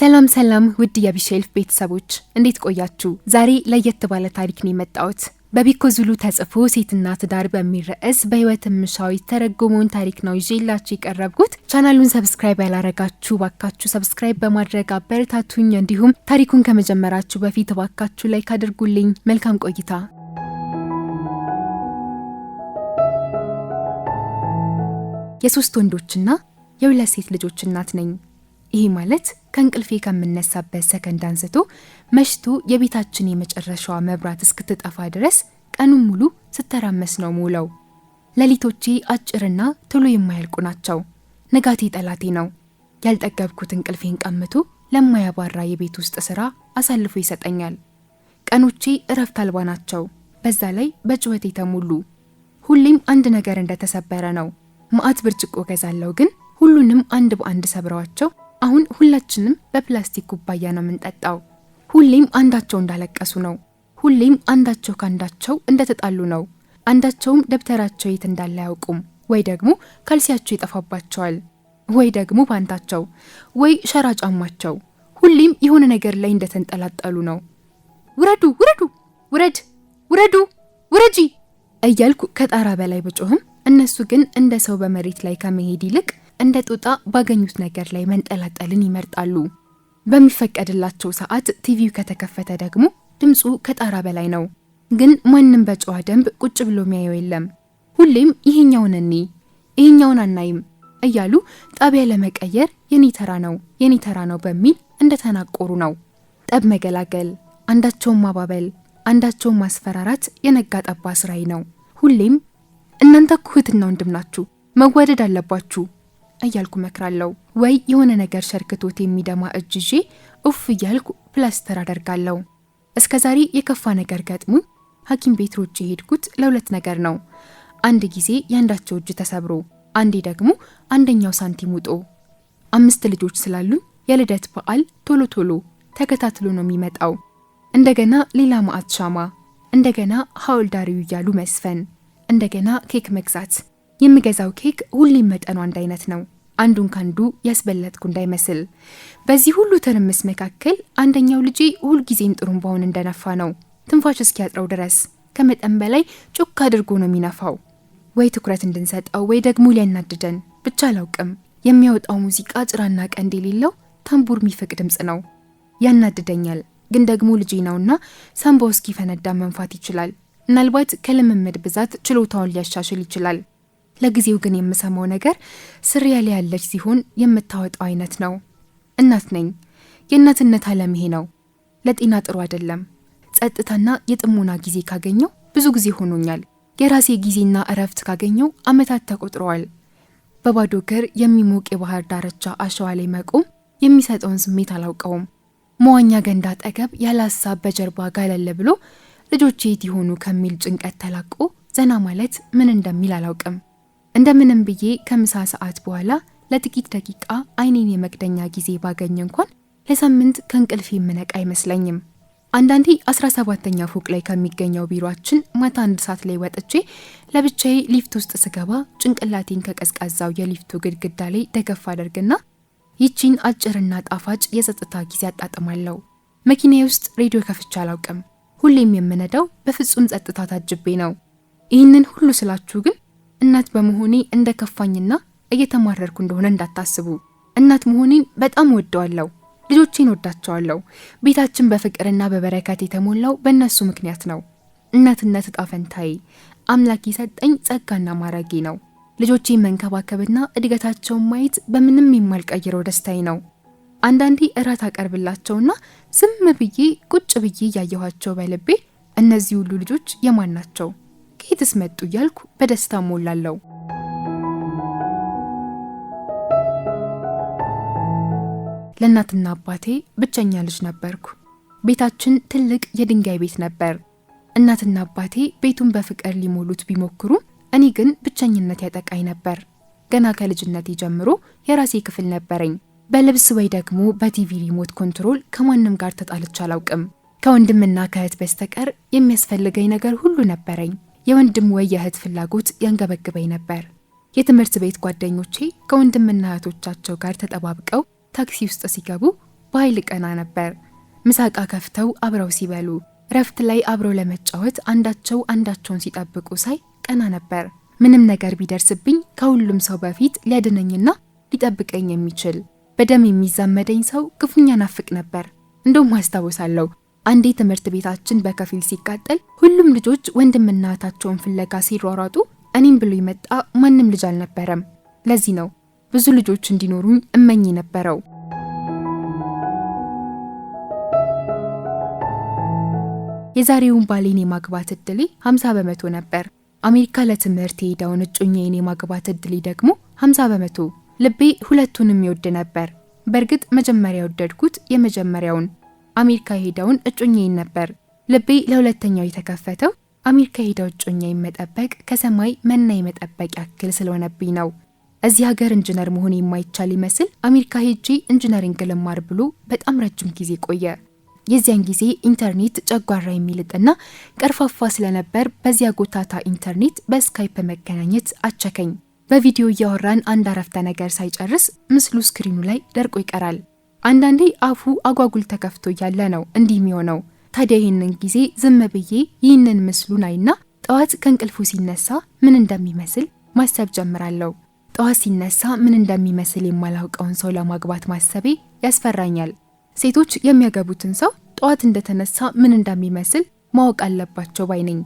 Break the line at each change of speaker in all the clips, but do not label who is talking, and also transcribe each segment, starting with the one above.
ሰላም ሰላም ውድ የቢሼልፍ ቤተሰቦች እንዴት ቆያችሁ? ዛሬ ለየት ባለ ታሪክ ነው የመጣሁት። በቢኮ ዙሉ ተጽፎ ሴትና ትዳር በሚል ርዕስ በህይወት ምሻው የተረጎመውን ታሪክ ነው ይዤላችሁ የቀረብኩት። ቻናሉን ሰብስክራይብ ያላረጋችሁ ባካችሁ ሰብስክራይብ በማድረግ አበረታቱኝ። እንዲሁም ታሪኩን ከመጀመራችሁ በፊት ባካችሁ ላይክ አድርጉልኝ። መልካም ቆይታ። የሶስት ወንዶችና የሁለት ሴት ልጆች እናት ነኝ። ይሄ ማለት ከእንቅልፌ ከምነሳበት ሰከንድ አንስቶ መሽቶ የቤታችን የመጨረሻዋ መብራት እስክትጠፋ ድረስ ቀኑን ሙሉ ስተራመስ ነው ሙለው። ሌሊቶቼ አጭርና ቶሎ የማያልቁ ናቸው። ንጋቴ ጠላቴ ነው። ያልጠገብኩት እንቅልፌን ቀምቶ ለማያባራ የቤት ውስጥ ስራ አሳልፎ ይሰጠኛል። ቀኖቼ እረፍት አልባ ናቸው። በዛ ላይ በጩኸት የተሞሉ ሁሌም አንድ ነገር እንደተሰበረ ነው። ማአት ብርጭቆ ገዛለው፣ ግን ሁሉንም አንድ በአንድ ሰብረዋቸው አሁን ሁላችንም በፕላስቲክ ኩባያ ነው የምንጠጣው። ሁሌም አንዳቸው እንዳለቀሱ ነው። ሁሌም አንዳቸው ከአንዳቸው እንደተጣሉ ነው። አንዳቸውም ደብተራቸው የት እንዳለ አያውቁም። ወይ ደግሞ ካልሲያቸው ይጠፋባቸዋል፣ ወይ ደግሞ ፓንታቸው፣ ወይ ሸራ ጫማቸው። ሁሌም የሆነ ነገር ላይ እንደተንጠላጠሉ ነው። ውረዱ፣ ውረዱ፣ ውረድ፣ ውረዱ፣ ውረጂ እያልኩ ከጣራ በላይ ብጮህም እነሱ ግን እንደ ሰው በመሬት ላይ ከመሄድ ይልቅ እንደ ጦጣ ባገኙት ነገር ላይ መንጠላጠልን ይመርጣሉ። በሚፈቀድላቸው ሰዓት ቲቪው ከተከፈተ ደግሞ ድምፁ ከጣራ በላይ ነው። ግን ማንም በጨዋ ደንብ ቁጭ ብሎ የሚያየው የለም። ሁሌም ይሄኛውን እኔ ይሄኛውን አናይም እያሉ ጣቢያ ለመቀየር የኔ ተራ ነው የኔ ተራ ነው በሚል እንደተናቆሩ ነው። ጠብ መገላገል፣ አንዳቸውን ማባበል፣ አንዳቸውን ማስፈራራት የነጋ ጠባ ስራዬ ነው። ሁሌም እናንተ እኮ እህትና ወንድም ናችሁ፣ መዋደድ አለባችሁ እያልኩ መክራለሁ። ወይ የሆነ ነገር ሸርክቶት የሚደማ እጅ ይዤ እያልኩ ፕላስተር አደርጋለሁ። እስከ ዛሬ የከፋ ነገር ገጥሙኝ ሐኪም ቤት ሮጬ የሄድኩት ለሁለት ነገር ነው። አንድ ጊዜ የአንዳቸው እጅ ተሰብሮ፣ አንዴ ደግሞ አንደኛው ሳንቲም ውጦ። አምስት ልጆች ስላሉኝ የልደት በዓል ቶሎ ቶሎ ተከታትሎ ነው የሚመጣው። እንደገና ሌላ ማአት ሻማ፣ እንደገና ሐውል ዳሪው እያሉ መስፈን፣ እንደገና ኬክ መግዛት። የምገዛው ኬክ ሁሌም መጠኑ አንድ አይነት ነው። አንዱን ካንዱ ያስበለጥኩ እንዳይመስል። በዚህ ሁሉ ትርምስ መካከል አንደኛው ልጄ ሁልጊዜም ጥሩምባውን እንደነፋ ነው፣ ትንፋሽ እስኪያጥረው ድረስ ከመጠን በላይ ጩክ አድርጎ ነው የሚነፋው። ወይ ትኩረት እንድንሰጠው ወይ ደግሞ ሊያናድደን ብቻ አላውቅም። የሚያወጣው ሙዚቃ ጭራና ቀንድ የሌለው ታምቡር ሚፍቅ ድምፅ ነው። ያናድደኛል፣ ግን ደግሞ ልጄ ነውና ሳምባው እስኪፈነዳ መንፋት ይችላል። ምናልባት ከልምምድ ብዛት ችሎታውን ሊያሻሽል ይችላል። ለጊዜው ግን የምሰማው ነገር ስሪያል ያለች ሲሆን የምታወጣው አይነት ነው። እናት ነኝ። የእናትነት ዓለም ይሄ ነው። ለጤና ጥሩ አይደለም። ጸጥታና የጥሞና ጊዜ ካገኘው ብዙ ጊዜ ሆኖኛል። የራሴ ጊዜና እረፍት ካገኘው አመታት ተቆጥረዋል። በባዶ እግር የሚሞቅ የባህር ዳርቻ አሸዋ ላይ መቆም የሚሰጠውን ስሜት አላውቀውም። መዋኛ ገንዳ አጠገብ ያላሳብ በጀርባ ጋለለ ብሎ ልጆቼ የት ይሆኑ ከሚል ጭንቀት ተላቆ ዘና ማለት ምን እንደሚል አላውቅም። እንደምንም ብዬ ከምሳ ሰዓት በኋላ ለጥቂት ደቂቃ አይኔን የመቅደኛ ጊዜ ባገኝ እንኳን ለሳምንት ከእንቅልፍ የምነቅ አይመስለኝም። አንዳንዴ አስራ ሰባተኛ ፎቅ ላይ ከሚገኘው ቢሮአችን ማታ አንድ ሰዓት ላይ ወጥቼ ለብቻዬ ሊፍት ውስጥ ስገባ ጭንቅላቴን ከቀዝቃዛው የሊፍቱ ግድግዳ ላይ ደገፍ አደርግና ይቺን አጭርና ጣፋጭ የጸጥታ ጊዜ አጣጥማለሁ። መኪናዬ ውስጥ ሬዲዮ ከፍቼ አላውቅም። ሁሌም የምነዳው በፍጹም ጸጥታ ታጅቤ ነው። ይህንን ሁሉ ስላችሁ ግን እናት በመሆኔ እንደ ከፋኝና እየተማረርኩ እንደሆነ እንዳታስቡ። እናት መሆኔን በጣም ወደዋለሁ። ልጆቼን ወዳቸዋለሁ። ቤታችን በፍቅርና በበረከት የተሞላው በእነሱ ምክንያት ነው። እናትነት እጣ ፈንታዬ፣ አምላክ የሰጠኝ ጸጋና ማራጌ ነው። ልጆቼን መንከባከብና እድገታቸውን ማየት በምንም የማልቀይረው ደስታዬ ነው። አንዳንዴ እራት አቀርብላቸውና ዝም ብዬ ቁጭ ብዬ እያየኋቸው በልቤ እነዚህ ሁሉ ልጆች የማን ናቸው? ከየትስ መጡ እያልኩ በደስታ ሞላለሁ። ለእናትና አባቴ ብቸኛ ልጅ ነበርኩ። ቤታችን ትልቅ የድንጋይ ቤት ነበር። እናትና አባቴ ቤቱን በፍቅር ሊሞሉት ቢሞክሩም እኔ ግን ብቸኝነት ያጠቃኝ ነበር። ገና ከልጅነቴ ጀምሮ የራሴ ክፍል ነበረኝ። በልብስ ወይ ደግሞ በቲቪ ሪሞት ኮንትሮል ከማንም ጋር ተጣልቼ አላውቅም። ከወንድምና ከእህት በስተቀር የሚያስፈልገኝ ነገር ሁሉ ነበረኝ። የወንድም ወይ የእህት ፍላጎት ያንገበግበኝ ነበር። የትምህርት ቤት ጓደኞቼ ከወንድምና እህቶቻቸው ጋር ተጠባብቀው ታክሲ ውስጥ ሲገቡ በኃይል ቀና ነበር። ምሳቃ ከፍተው አብረው ሲበሉ፣ እረፍት ላይ አብረው ለመጫወት አንዳቸው አንዳቸውን ሲጠብቁ ሳይ ቀና ነበር። ምንም ነገር ቢደርስብኝ ከሁሉም ሰው በፊት ሊያድነኝና ሊጠብቀኝ የሚችል በደም የሚዛመደኝ ሰው ክፉኛ ናፍቅ ነበር። እንደውም አስታውሳለሁ አንዴ ትምህርት ቤታችን በከፊል ሲቃጠል ሁሉም ልጆች ወንድምና እህታቸውን ፍለጋ ሲሯሯጡ እኔም ብሎ የመጣ ማንም ልጅ አልነበረም። ለዚህ ነው ብዙ ልጆች እንዲኖሩኝ እመኝ ነበረው። የዛሬውን ባሌን የማግባት እድሌ 50 በመቶ ነበር። አሜሪካ ለትምህርት የሄደውን እጮኛዬን የማግባት እድሌ ደግሞ 50 በመቶ። ልቤ ሁለቱንም ይወድ ነበር። በእርግጥ መጀመሪያ የወደድኩት የመጀመሪያውን አሜሪካ የሄደውን እጮኛዬን ነበር። ልቤ ለሁለተኛው የተከፈተው አሜሪካ የሄደው እጮኛዬን መጠበቅ ከሰማይ መና የመጠበቅ ያክል ስለሆነብኝ ነው። እዚህ ሀገር ኢንጂነር መሆን የማይቻል ይመስል አሜሪካ ሄጄ ኢንጂነሪንግ ልማር ብሎ በጣም ረጅም ጊዜ ቆየ። የዚያን ጊዜ ኢንተርኔት ጨጓራ የሚልጥና ቀርፋፋ ስለነበር በዚያ ጎታታ ኢንተርኔት በስካይፕ መገናኘት አቸከኝ። በቪዲዮ እያወራን አንድ አረፍተ ነገር ሳይጨርስ ምስሉ ስክሪኑ ላይ ደርቆ ይቀራል። አንዳንዴ አፉ አጓጉል ተከፍቶ እያለ ነው እንዲህ የሚሆነው። ታዲያ ይህንን ጊዜ ዝም ብዬ ይህንን ምስሉን አይና ጠዋት ከእንቅልፉ ሲነሳ ምን እንደሚመስል ማሰብ ጀምራለሁ። ጠዋት ሲነሳ ምን እንደሚመስል የማላውቀውን ሰው ለማግባት ማሰቤ ያስፈራኛል። ሴቶች የሚያገቡትን ሰው ጠዋት እንደተነሳ ምን እንደሚመስል ማወቅ አለባቸው ባይ ነኝ።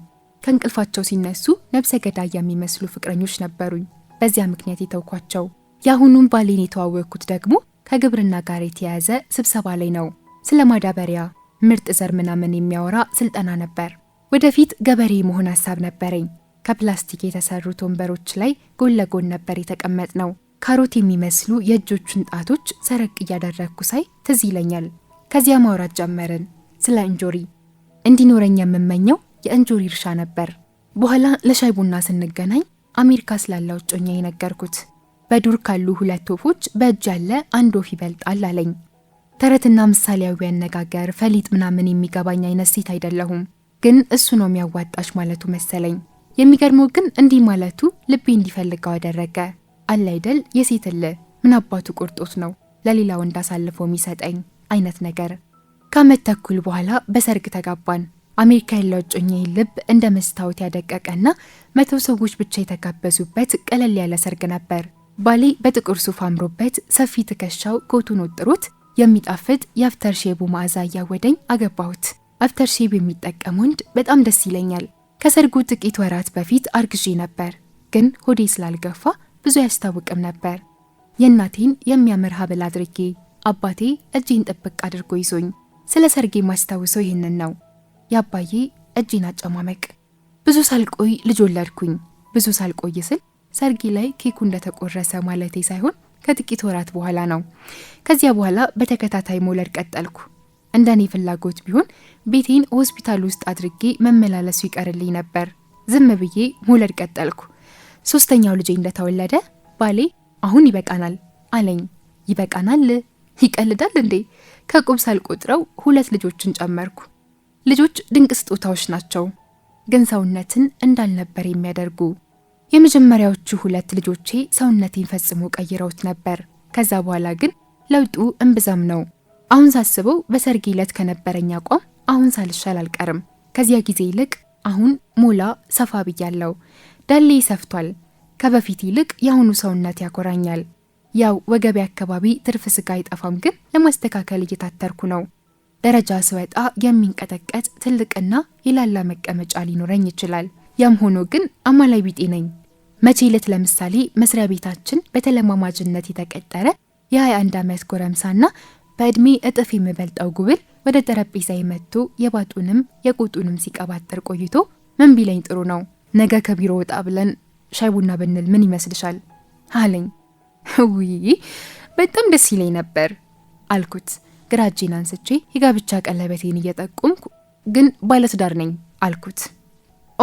ከእንቅልፋቸው ሲነሱ ነብሰ ገዳይ የሚመስሉ ፍቅረኞች ነበሩኝ። በዚያ ምክንያት የተውኳቸው። የአሁኑን ባሌን የተዋወቅኩት ደግሞ ከግብርና ጋር የተያያዘ ስብሰባ ላይ ነው። ስለ ማዳበሪያ ምርጥ ዘር ምናምን የሚያወራ ስልጠና ነበር። ወደፊት ገበሬ መሆን ሀሳብ ነበረኝ። ከፕላስቲክ የተሰሩት ወንበሮች ላይ ጎን ለጎን ነበር የተቀመጥ ነው። ካሮት የሚመስሉ የእጆቹን ጣቶች ሰረቅ እያደረግኩ ሳይ ትዝ ይለኛል። ከዚያ ማውራት ጀመርን ስለ እንጆሪ። እንዲኖረኝ የምመኘው የእንጆሪ እርሻ ነበር። በኋላ ለሻይ ቡና ስንገናኝ አሜሪካ ስላለው እጮኛ የነገርኩት በዱር ካሉ ሁለት ወፎች በእጅ ያለ አንድ ወፍ ይበልጣል አለኝ። ተረትና ምሳሌያዊ አነጋገር ፈሊጥ ምናምን የሚገባኝ አይነት ሴት አይደለሁም፣ ግን እሱ ነው የሚያዋጣሽ ማለቱ መሰለኝ። የሚገርመው ግን እንዲህ ማለቱ ልቤ እንዲፈልገው አደረገ። አለ አይደል የሴት እልህ ምን አባቱ ቁርጦት ነው ለሌላ ወንድ አሳልፎ የሚሰጠኝ አይነት ነገር። ከዓመት ተኩል በኋላ በሰርግ ተጋባን። አሜሪካ ያለው እጮኛዬ ልብ እንደ መስታወት ያደቀቀና መቶ ሰዎች ብቻ የተጋበዙበት ቀለል ያለ ሰርግ ነበር። ባሌ በጥቁር ሱፍ አምሮበት ሰፊ ትከሻው ኮቱን ወጥሮት የሚጣፍጥ የአፍተርሼቡ መዓዛ እያወደኝ አገባሁት። አፍተርሼብ የሚጠቀም ወንድ በጣም ደስ ይለኛል። ከሰርጉ ጥቂት ወራት በፊት አርግዤ ነበር፣ ግን ሆዴ ስላልገፋ ብዙ አያስታውቅም ነበር። የእናቴን የሚያምር ሀብል አድርጌ አባቴ እጅን ጥብቅ አድርጎ ይዞኝ ስለ ሰርጌ ማስታውሰው ይህንን ነው። የአባዬ እጅን አጨማመቅ። ብዙ ሳልቆይ ልጅ ወለድኩኝ። ብዙ ሳልቆይ ስል ሰርጊ ላይ ኬኩ እንደተቆረሰ ማለቴ ሳይሆን ከጥቂት ወራት በኋላ ነው። ከዚያ በኋላ በተከታታይ መውለድ ቀጠልኩ። እንደ እኔ ፍላጎት ቢሆን ቤቴን ሆስፒታል ውስጥ አድርጌ መመላለሱ ይቀርልኝ ነበር። ዝም ብዬ መውለድ ቀጠልኩ። ሶስተኛው ልጄ እንደተወለደ ባሌ አሁን ይበቃናል አለኝ። ይበቃናል? ይቀልዳል እንዴ? ከቁብ ሳልቆጥረው ሁለት ልጆችን ጨመርኩ። ልጆች ድንቅ ስጦታዎች ናቸው፣ ግን ሰውነትን እንዳልነበር የሚያደርጉ የመጀመሪያዎቹ ሁለት ልጆቼ ሰውነቴን ፈጽሞ ቀይረውት ነበር። ከዛ በኋላ ግን ለውጡ እምብዛም ነው። አሁን ሳስበው በሰርጌ ዕለት ከነበረኝ አቋም አሁን ሳልሻል አልቀርም። ከዚያ ጊዜ ይልቅ አሁን ሞላ ሰፋ ብያለው። ዳሌ ሰፍቷል። ከበፊት ይልቅ የአሁኑ ሰውነት ያኮራኛል። ያው ወገቤ አካባቢ ትርፍ ስጋ አይጠፋም፣ ግን ለማስተካከል እየታተርኩ ነው። ደረጃ ስወጣ የሚንቀጠቀጥ ትልቅና የላላ መቀመጫ ሊኖረኝ ይችላል። ያም ሆኖ ግን አማላይ ቢጤ ነኝ። መቼ ዕለት ለምሳሌ መስሪያ ቤታችን በተለማማጅነት የተቀጠረ የ21 ዓመት ጎረምሳና በዕድሜ እጥፍ የሚበልጠው ጉብል ወደ ጠረጴዛ መጥቶ የባጡንም የቁጡንም ሲቀባጥር ቆይቶ ምን ቢለኝ ጥሩ ነው ነገ ከቢሮ ወጣ ብለን ሻይ ቡና ብንል ምን ይመስልሻል አለኝ። ውይ በጣም ደስ ይለኝ ነበር አልኩት። ግራ እጄን አንስቼ የጋብቻ ቀለበቴን እየጠቁምኩ ግን ባለትዳር ነኝ አልኩት።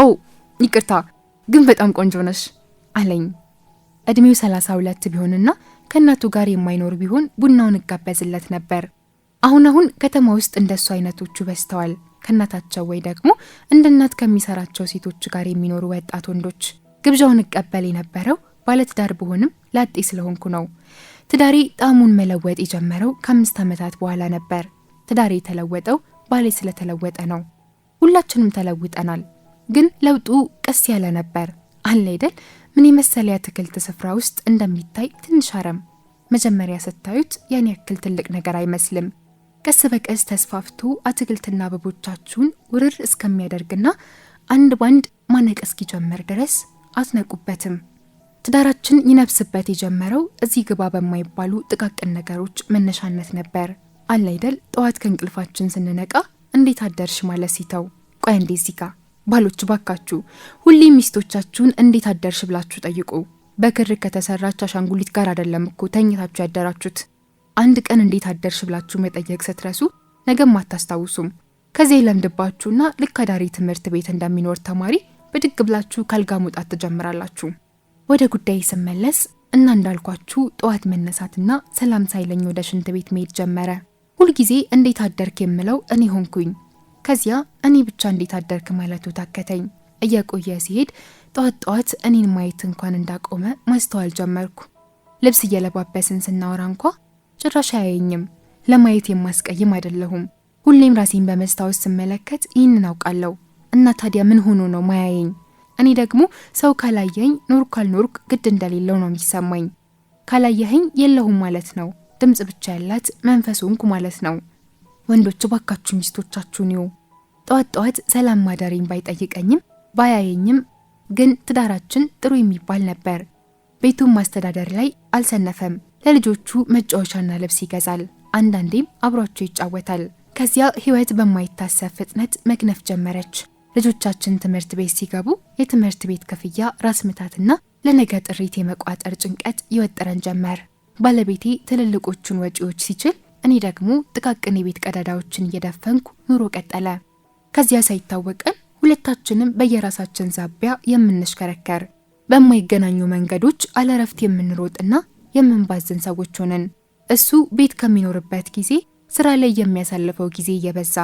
ኦ ይቅርታ ግን በጣም ቆንጆ ነሽ አለኝ። እድሜው ሰላሳ ሁለት ቢሆንና ከእናቱ ጋር የማይኖር ቢሆን ቡናውን እጋበዝለት ነበር። አሁን አሁን ከተማ ውስጥ እንደሱ አይነቶቹ በዝተዋል። ከእናታቸው ወይ ደግሞ እንደ እናት ከሚሰራቸው ሴቶች ጋር የሚኖሩ ወጣት ወንዶች። ግብዣውን እቀበል የነበረው ባለትዳር ብሆንም ላጤ ስለሆንኩ ነው። ትዳሬ ጣዕሙን መለወጥ የጀመረው ከአምስት ዓመታት በኋላ ነበር። ትዳሬ የተለወጠው ባሌ ስለተለወጠ ነው። ሁላችንም ተለውጠናል። ግን ለውጡ ቀስ ያለ ነበር። አለ አይደል ምን የመሰለ የአትክልት ስፍራ ውስጥ እንደሚታይ ትንሽ አረም መጀመሪያ ስታዩት ያን ያክል ትልቅ ነገር አይመስልም። ቀስ በቀስ ተስፋፍቶ አትክልትና አበቦቻችሁን ውርር እስከሚያደርግና አንድ ባንድ ማነቅ እስኪጀምር ድረስ አትነቁበትም። ትዳራችን ይነብስበት የጀመረው እዚህ ግባ በማይባሉ ጥቃቅን ነገሮች መነሻነት ነበር። አለ አይደል ጠዋት ከእንቅልፋችን ስንነቃ እንዴት አደርሽ ማለት ሲተው ቆይ እንዴ ዚጋ ባሎች ባካችሁ ሁሌ ሚስቶቻችሁን እንዴት አደርሽ ብላችሁ ጠይቁ። በክር ከተሰራች አሻንጉሊት ጋር አይደለም እኮ ተኝታችሁ ያደራችሁት። አንድ ቀን እንዴት አደርሽ ብላችሁ መጠየቅ ስትረሱ ነገም አታስታውሱም። ከዚህ ለምድባችሁና ልክ አዳሪ ትምህርት ቤት እንደሚኖር ተማሪ ብድግ ብላችሁ ከአልጋ መውጣት ትጀምራላችሁ። ወደ ጉዳይ ስመለስ እና እንዳልኳችሁ ጠዋት መነሳትና ሰላም ሳይለኝ ወደ ሽንት ቤት መሄድ ጀመረ። ሁልጊዜ እንዴት አደርክ የምለው እኔ ሆንኩኝ። ከዚያ እኔ ብቻ እንዴት አደርክ ማለቱ ታከተኝ። እየቆየ ሲሄድ ጠዋት ጠዋት እኔን ማየት እንኳን እንዳቆመ ማስተዋል ጀመርኩ። ልብስ እየለባበስን ስናወራ እንኳ ጭራሽ አያየኝም። ለማየት የማስቀይም አይደለሁም። ሁሌም ራሴን በመስታወት ስመለከት ይህንን አውቃለሁ። እና ታዲያ ምን ሆኖ ነው ማያየኝ? እኔ ደግሞ ሰው ካላየኝ ኖርኩ አልኖርኩ ግድ እንደሌለው ነው የሚሰማኝ። ካላየኸኝ የለሁም ማለት ነው። ድምጽ ብቻ ያላት መንፈስ ሆንኩ ማለት ነው። ወንዶች ባካችሁ ሚስቶቻችሁን ይው። ጠዋት ጠዋት ሰላም ማደሬን ባይጠይቀኝም ባያየኝም ግን ትዳራችን ጥሩ የሚባል ነበር። ቤቱን ማስተዳደር ላይ አልሰነፈም። ለልጆቹ መጫወቻና ልብስ ይገዛል። አንዳንዴም አብሯቸው ይጫወታል። ከዚያ ህይወት በማይታሰብ ፍጥነት መክነፍ ጀመረች። ልጆቻችን ትምህርት ቤት ሲገቡ የትምህርት ቤት ክፍያ፣ ራስ ምታትና ለነገ ጥሪት የመቋጠር ጭንቀት ይወጥረን ጀመር። ባለቤቴ ትልልቆቹን ወጪዎች ሲችል እኔ ደግሞ ጥቃቅን የቤት ቀዳዳዎችን እየደፈንኩ ኑሮ ቀጠለ። ከዚያ ሳይታወቀን ሁለታችንም በየራሳችን ዛቢያ የምንሽከረከር በማይገናኙ መንገዶች አለረፍት የምንሮጥና የምንባዝን ሰዎች ሆንን። እሱ ቤት ከሚኖርበት ጊዜ ስራ ላይ የሚያሳልፈው ጊዜ እየበዛ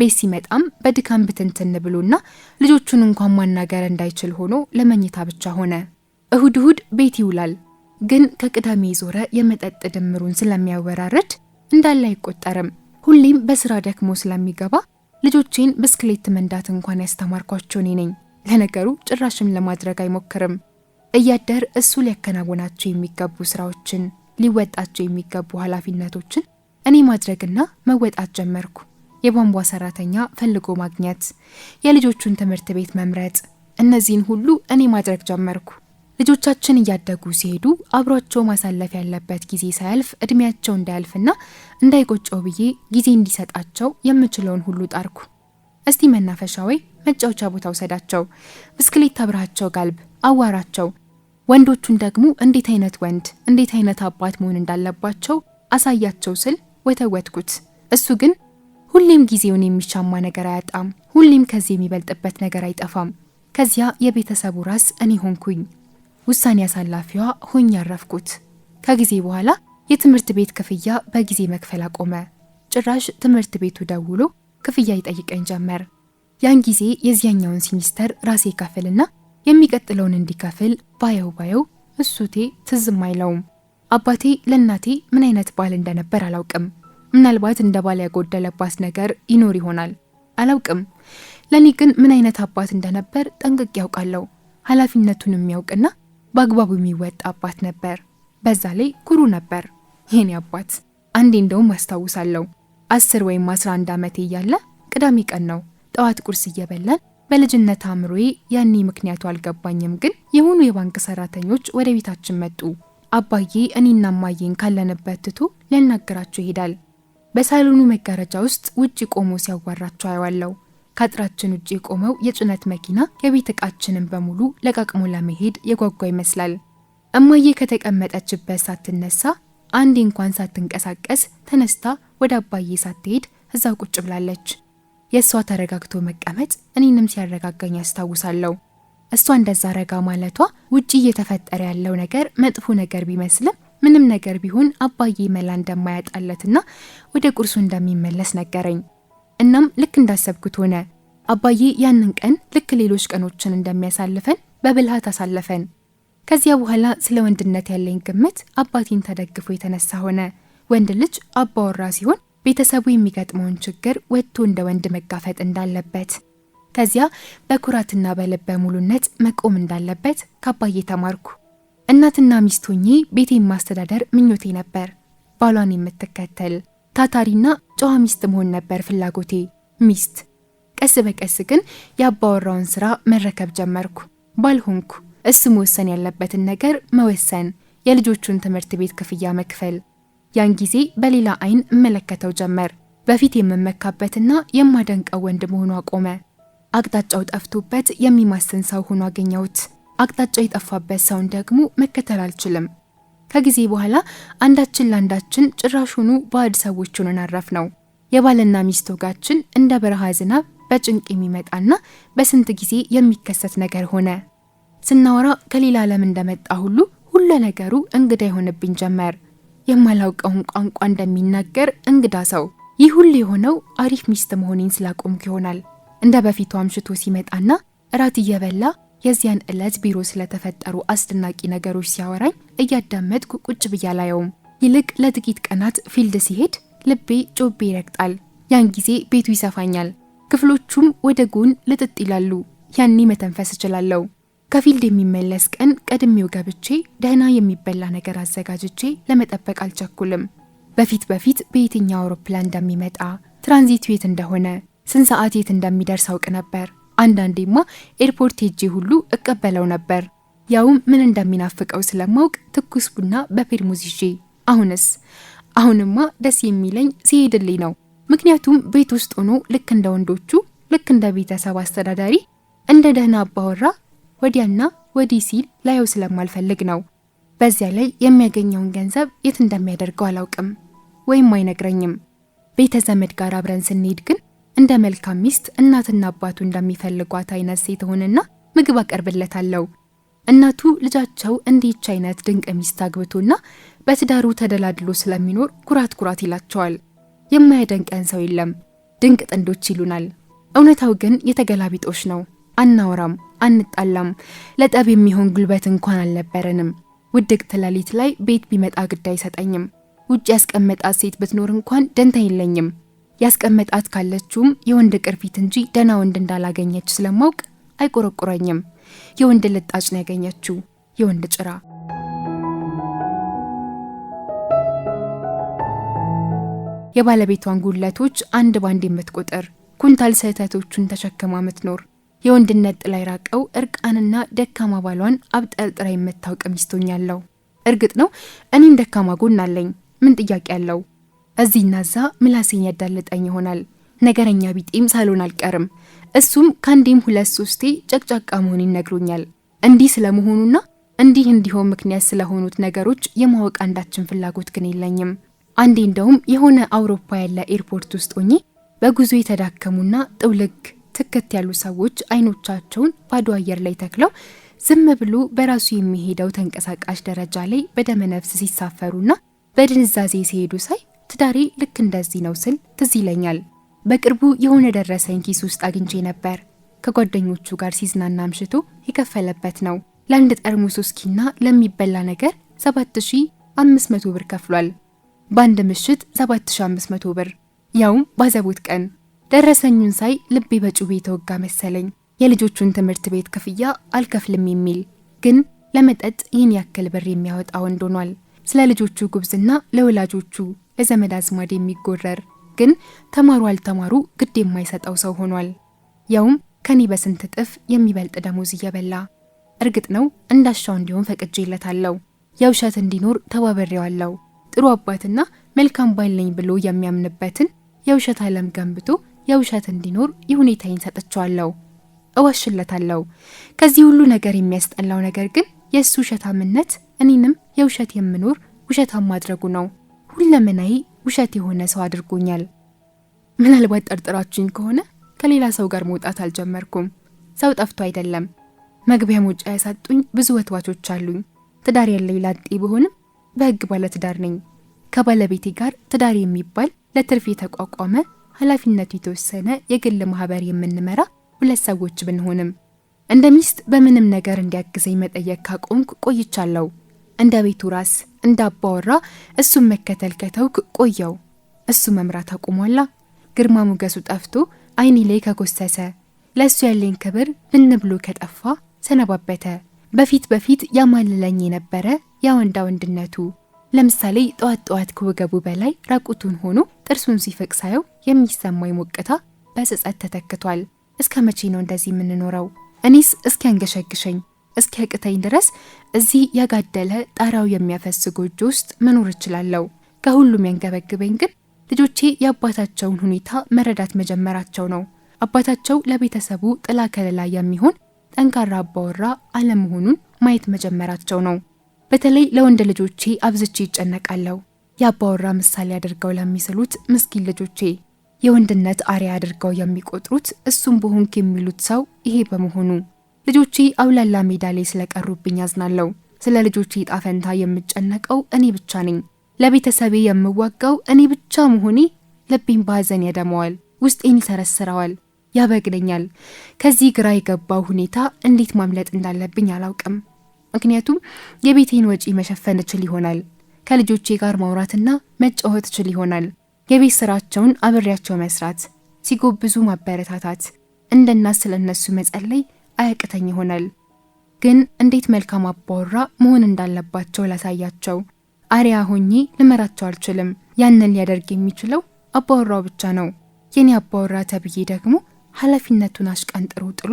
ቤት ሲመጣም በድካም ብትንትን ብሎና ልጆቹን እንኳን ማናገር እንዳይችል ሆኖ ለመኝታ ብቻ ሆነ። እሁድ እሁድ ቤት ይውላል፣ ግን ከቅዳሜ ዞረ የመጠጥ ድምሩን ስለሚያወራርድ እንዳለ አይቆጠርም። ሁሌም በስራ ደክሞ ስለሚገባ ልጆቼን ብስክሌት መንዳት እንኳን ያስተማርኳቸው እኔ ነኝ። ለነገሩ ጭራሽም ለማድረግ አይሞክርም። እያደር እሱ ሊያከናውናቸው የሚገቡ ስራዎችን፣ ሊወጣቸው የሚገቡ ኃላፊነቶችን እኔ ማድረግና መወጣት ጀመርኩ። የቧንቧ ሰራተኛ ፈልጎ ማግኘት፣ የልጆቹን ትምህርት ቤት መምረጥ፣ እነዚህን ሁሉ እኔ ማድረግ ጀመርኩ። ልጆቻችን እያደጉ ሲሄዱ አብሯቸው ማሳለፍ ያለበት ጊዜ ሳያልፍ እድሜያቸው እንዳያልፍና እንዳይቆጨው ብዬ ጊዜ እንዲሰጣቸው የምችለውን ሁሉ ጣርኩ። እስቲ መናፈሻ ወይ መጫወቻ ቦታ ውሰዳቸው፣ ብስክሌት አብረሃቸው ጋልብ፣ አዋራቸው። ወንዶቹን ደግሞ እንዴት አይነት ወንድ እንዴት አይነት አባት መሆን እንዳለባቸው አሳያቸው ስል ወተወትኩት። እሱ ግን ሁሌም ጊዜውን የሚሻማ ነገር አያጣም፣ ሁሌም ከዚህ የሚበልጥበት ነገር አይጠፋም። ከዚያ የቤተሰቡ ራስ እኔ ሆንኩኝ። ውሳኔ አሳላፊዋ ሆኜ ያረፍኩት። ከጊዜ በኋላ የትምህርት ቤት ክፍያ በጊዜ መክፈል አቆመ። ጭራሽ ትምህርት ቤቱ ደውሎ ክፍያ ይጠይቀኝ ጀመር። ያን ጊዜ የዚያኛውን ሲኒስተር ራሴ ከፍልና የሚቀጥለውን እንዲከፍል ባየው ባየው እሱቴ ትዝም አይለውም። አባቴ ለእናቴ ምን አይነት ባል እንደነበር አላውቅም። ምናልባት እንደ ባል ያጎደለባት ነገር ይኖር ይሆናል አላውቅም። ለእኔ ግን ምን አይነት አባት እንደነበር ጠንቅቄ ያውቃለሁ። ኃላፊነቱን የሚያውቅና በአግባቡ የሚወጣ አባት ነበር። በዛ ላይ ኩሩ ነበር። ይህኔ አባት አንዴ እንደውም አስታውሳለሁ አስር ወይም አስራ አንድ ዓመቴ እያለ ቅዳሜ ቀን ነው ጠዋት ቁርስ እየበላን በልጅነት አእምሮዬ ያኔ ምክንያቱ አልገባኝም፣ ግን የሆኑ የባንክ ሰራተኞች ወደ ቤታችን መጡ። አባዬ እኔና ማዬን ካለንበት ትቶ ሊያናገራቸው ይሄዳል። በሳሎኑ መጋረጃ ውስጥ ውጭ ቆሞ ሲያዋራቸው አየዋለሁ። ከአጥራችን ውጭ የቆመው የጭነት መኪና የቤት እቃችንን በሙሉ ለቃቅሞ ለመሄድ የጓጓ ይመስላል። እማዬ ከተቀመጠችበት ሳትነሳ አንዴ እንኳን ሳትንቀሳቀስ ተነስታ ወደ አባዬ ሳትሄድ እዛው ቁጭ ብላለች። የእሷ ተረጋግቶ መቀመጥ እኔንም ሲያረጋጋኝ ያስታውሳለሁ። እሷ እንደዛ ረጋ ማለቷ ውጪ እየተፈጠረ ያለው ነገር መጥፎ ነገር ቢመስልም ምንም ነገር ቢሆን አባዬ መላ እንደማያጣለትና ወደ ቁርሱ እንደሚመለስ ነገረኝ። እናም ልክ እንዳሰብኩት ሆነ። አባዬ ያንን ቀን ልክ ሌሎች ቀኖችን እንደሚያሳልፈን በብልሃት አሳለፈን። ከዚያ በኋላ ስለ ወንድነት ያለኝ ግምት አባቴን ተደግፎ የተነሳ ሆነ። ወንድ ልጅ አባወራ ሲሆን ቤተሰቡ የሚገጥመውን ችግር ወጥቶ እንደ ወንድ መጋፈጥ እንዳለበት፣ ከዚያ በኩራትና በልበ ሙሉነት መቆም እንዳለበት ከአባዬ ተማርኩ። እናትና ሚስቶኜ ቤቴን ማስተዳደር ምኞቴ ነበር። ባሏን የምትከተል ታታሪና ጨዋ ሚስት መሆን ነበር ፍላጎቴ ሚስት። ቀስ በቀስ ግን የአባወራውን ስራ መረከብ ጀመርኩ። ባልሆንኩ እሱ መወሰን ያለበትን ነገር መወሰን፣ የልጆቹን ትምህርት ቤት ክፍያ መክፈል። ያን ጊዜ በሌላ አይን እመለከተው ጀመር። በፊት የምመካበትና የማደንቀው ወንድ መሆኑ አቆመ። አቅጣጫው ጠፍቶበት የሚማስን ሰው ሆኖ አገኘሁት። አቅጣጫው የጠፋበት ሰውን ደግሞ መከተል አልችልም። ከጊዜ በኋላ አንዳችን ለአንዳችን ጭራሹኑ ባዕድ ሰዎች ሆነን አረፍ ነው። የባልና ሚስት ወጋችን እንደ በረሃ ዝናብ በጭንቅ የሚመጣና በስንት ጊዜ የሚከሰት ነገር ሆነ። ስናወራ ከሌላ ዓለም እንደመጣ ሁሉ ሁሉ ነገሩ እንግዳ የሆነብኝ ጀመር። የማላውቀውን ቋንቋ እንደሚናገር እንግዳ ሰው። ይህ ሁሉ የሆነው አሪፍ ሚስት መሆኔን ስላቆምኩ ይሆናል። እንደ በፊቱ አምሽቶ ሲመጣና እራት እየበላ የዚያን ዕለት ቢሮ ስለተፈጠሩ አስደናቂ ነገሮች ሲያወራኝ እያዳመጥኩ ቁጭ ብዬ አላየውም። ይልቅ ለጥቂት ቀናት ፊልድ ሲሄድ ልቤ ጮቤ ይረግጣል። ያን ጊዜ ቤቱ ይሰፋኛል፣ ክፍሎቹም ወደ ጎን ልጥጥ ይላሉ። ያኔ መተንፈስ እችላለሁ። ከፊልድ የሚመለስ ቀን ቀድሜው ገብቼ ደህና የሚበላ ነገር አዘጋጅቼ ለመጠበቅ አልቸኩልም። በፊት በፊት በየትኛው አውሮፕላን እንደሚመጣ ትራንዚት የት እንደሆነ ስንት ሰዓት የት እንደሚደርስ አውቅ ነበር። አንዳንዴማ ኤርፖርት ሄጄ ሁሉ እቀበለው ነበር፣ ያውም ምን እንደሚናፍቀው ስለማውቅ ትኩስ ቡና በፌርሙዝ ይዤ። አሁንስ አሁንማ ደስ የሚለኝ ሲሄድልኝ ነው። ምክንያቱም ቤት ውስጥ ሆኖ ልክ እንደ ወንዶቹ ልክ እንደ ቤተሰብ አስተዳዳሪ እንደ ደህና አባወራ ወዲያና ወዲህ ሲል ላየው ስለማልፈልግ ነው። በዚያ ላይ የሚያገኘውን ገንዘብ የት እንደሚያደርገው አላውቅም፣ ወይም አይነግረኝም። ቤተ ዘመድ ጋር አብረን ስንሄድ ግን እንደ መልካም ሚስት እናትና አባቱ እንደሚፈልጓት አይነት ሴት ሆንና ምግብ አቀርብለታለሁ። እናቱ ልጃቸው እንዲች አይነት ድንቅ ሚስት አግብቶና በትዳሩ ተደላድሎ ስለሚኖር ኩራት ኩራት ይላቸዋል። የማያደንቀን ሰው የለም፣ ድንቅ ጥንዶች ይሉናል። እውነታው ግን የተገላቢጦሽ ነው። አናወራም፣ አንጣላም፣ ለጠብ የሚሆን ጉልበት እንኳን አልነበረንም። ውድቅት ሌሊት ላይ ቤት ቢመጣ ግድ አይሰጠኝም። ውጭ ያስቀመጣት ሴት ብትኖር እንኳን ደንታ የለኝም። ያስቀመጣት ካለችውም የወንድ ቅርፊት እንጂ ደህና ወንድ እንዳላገኘች ስለማውቅ አይቆረቁረኝም። የወንድ ልጣጭ ነው ያገኘችው፣ የወንድ ጭራ። የባለቤቷን ጉድለቶች አንድ ባንድ የምትቆጥር ኩንታል ስህተቶቹን ተሸክማ ምትኖር የወንድነት ጥላ የራቀው እርቃንና ደካማ ባሏን አብጠርጥራ የምታውቅ ሚስቶኛለው። እርግጥ ነው እኔም ደካማ ጎን አለኝ። ምን ጥያቄ አለው? እዚህና እዛ ምላሴን ያዳልጠኝ ይሆናል። ነገረኛ ቢጤም ሳሎን አልቀርም። እሱም ከአንዴም ሁለት ሶስቴ ጨቅጫቃ መሆን ይነግሮኛል። እንዲህ ስለመሆኑና እንዲህ እንዲሆን ምክንያት ስለሆኑት ነገሮች የማወቅ አንዳችን ፍላጎት ግን የለኝም። አንዴ እንደውም የሆነ አውሮፓ ያለ ኤርፖርት ውስጥ ሆኜ በጉዞ የተዳከሙና ጥውልግ ትክት ያሉ ሰዎች አይኖቻቸውን ባዶ አየር ላይ ተክለው ዝም ብሎ በራሱ የሚሄደው ተንቀሳቃሽ ደረጃ ላይ በደመነፍስ ሲሳፈሩና በድንዛዜ ሲሄዱ ሳይ ትዳሬ ልክ እንደዚህ ነው ስል ትዝ ይለኛል። በቅርቡ የሆነ ደረሰኝ ኪስ ውስጥ አግኝቼ ነበር። ከጓደኞቹ ጋር ሲዝናና አምሽቶ የከፈለበት ነው። ለአንድ ጠርሙስ ውስኪና ለሚበላ ነገር 7500 ብር ከፍሏል። በአንድ ምሽት 7500 ብር፣ ያውም ባዘቡት ቀን። ደረሰኙን ሳይ ልቤ በጩቤ የተወጋ መሰለኝ። የልጆቹን ትምህርት ቤት ክፍያ አልከፍልም የሚል ግን ለመጠጥ ይህን ያክል ብር የሚያወጣ ወንድ ሆኗል። ስለ ልጆቹ ጉብዝና ለወላጆቹ በዘመድ አዝማድ የሚጎረር ግን ተማሩ አልተማሩ ግድ የማይሰጠው ሰው ሆኗል። ያውም ከኔ በስንት እጥፍ የሚበልጥ ደሞዝ እየበላ። እርግጥ ነው እንዳሻው እንዲሆን ፈቅጄለታለሁ። የውሸት እንዲኖር ተባበሬዋለሁ። ጥሩ አባትና መልካም ባል ነኝ ብሎ የሚያምንበትን የውሸት ዓለም ገንብቶ የውሸት እንዲኖር የሁኔታዬን ሰጥቼዋለሁ። እዋሽለታለሁ። ከዚህ ሁሉ ነገር የሚያስጠላው ነገር ግን የእሱ ውሸታምነት እኔንም የውሸት የምኖር ውሸታም ማድረጉ ነው። ሁለመናዬ ውሸት የሆነ ሰው አድርጎኛል። ምናልባት ጠርጥራችሁኝ ከሆነ ከሌላ ሰው ጋር መውጣት አልጀመርኩም። ሰው ጠፍቶ አይደለም። መግቢያ መውጫ ያሳጡኝ ብዙ ወትዋቾች አሉኝ። ትዳር ያለኝ ላጤ ብሆንም በሕግ ትዳር ነኝ። ከባለቤቴ ጋር ትዳር የሚባል ለትርፍ የተቋቋመ ኃላፊነቱ የተወሰነ የግል ማህበር የምንመራ ሁለት ሰዎች ብንሆንም እንደ ሚስት በምንም ነገር እንዲያግዘኝ መጠየቅ ካቆምኩ ቆይቻለሁ። እንደ ቤቱ ራስ እንዳባወራ እሱን መከተል ከተውክ ቆየው። እሱ መምራት አቁሟላ። ግርማ ሞገሱ ጠፍቶ አይኔ ላይ ከጎሰሰ፣ ለእሱ ያለኝ ክብር ብን ብሎ ከጠፋ ሰነባበተ። በፊት በፊት ያማልለኝ የነበረ ያወንዳ ወንድነቱ ለምሳሌ ጠዋት ጠዋት ከወገቡ በላይ ራቁቱን ሆኖ ጥርሱን ሲፈቅ ሳየው የሚሰማኝ ሞቅታ በጸጸት ተተክቷል። እስከ መቼ ነው እንደዚህ የምንኖረው? እኔስ እስኪያንገሸግሸኝ እስኪያቅተኝ ድረስ እዚህ ያጋደለ ጣሪያው የሚያፈስ ጎጆ ውስጥ መኖር እችላለሁ። ከሁሉም ያንገበግበኝ ግን ልጆቼ የአባታቸውን ሁኔታ መረዳት መጀመራቸው ነው። አባታቸው ለቤተሰቡ ጥላ ከለላ የሚሆን ጠንካራ አባወራ አለመሆኑን ማየት መጀመራቸው ነው። በተለይ ለወንድ ልጆቼ አብዝቼ ይጨነቃለሁ። የአባወራ ምሳሌ አድርገው ለሚስሉት ምስኪን ልጆቼ የወንድነት አሪያ አድርገው የሚቆጥሩት እሱም በሆንክ የሚሉት ሰው ይሄ በመሆኑ ልጆቼ አውላላ ሜዳ ላይ ስለቀሩብኝ አዝናለሁ። ስለ ልጆቼ ዕጣ ፈንታ የምጨነቀው እኔ ብቻ ነኝ። ለቤተሰቤ የምዋጋው እኔ ብቻ መሆኔ ልቤን ባዘን ያደመዋል፣ ውስጤን ይሰረስረዋል፣ ያበግለኛል። ከዚህ ግራ የገባው ሁኔታ እንዴት ማምለጥ እንዳለብኝ አላውቅም። ምክንያቱም የቤቴን ወጪ መሸፈን እችል ይሆናል። ከልጆቼ ጋር ማውራትና መጫወት እችል ይሆናል። የቤት ስራቸውን አብሬያቸው መስራት፣ ሲጎብዙ ማበረታታት፣ እንደና ስለ እነሱ መጸለይ አያቅተኝ ይሆናል። ግን እንዴት መልካም አባወራ መሆን እንዳለባቸው ላሳያቸው አሪያ ሆኜ ልመራቸው አልችልም። ያንን ሊያደርግ የሚችለው አባወራው ብቻ ነው። የኔ አባወራ ተብዬ ደግሞ ኃላፊነቱን አሽቀንጥሮ ጥሎ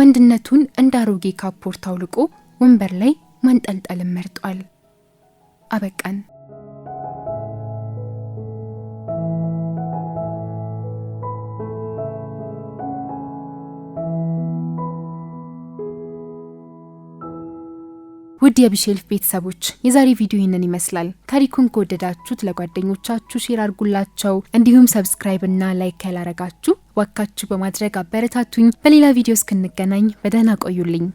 ወንድነቱን እንደ አሮጌ ካፖርት አውልቆ ወንበር ላይ ማንጠልጠልም መርጧል። አበቃን። ውድ የብሼልፍ ቤተሰቦች የዛሬ ቪዲዮ ይህንን ይመስላል። ታሪኩን ከወደዳችሁት ለጓደኞቻችሁ ሼር አድርጉላቸው። እንዲሁም ሰብስክራይብ እና ላይክ ያላረጋችሁ ዋካችሁ በማድረግ አበረታቱኝ። በሌላ ቪዲዮ እስክንገናኝ በደህና ቆዩልኝ።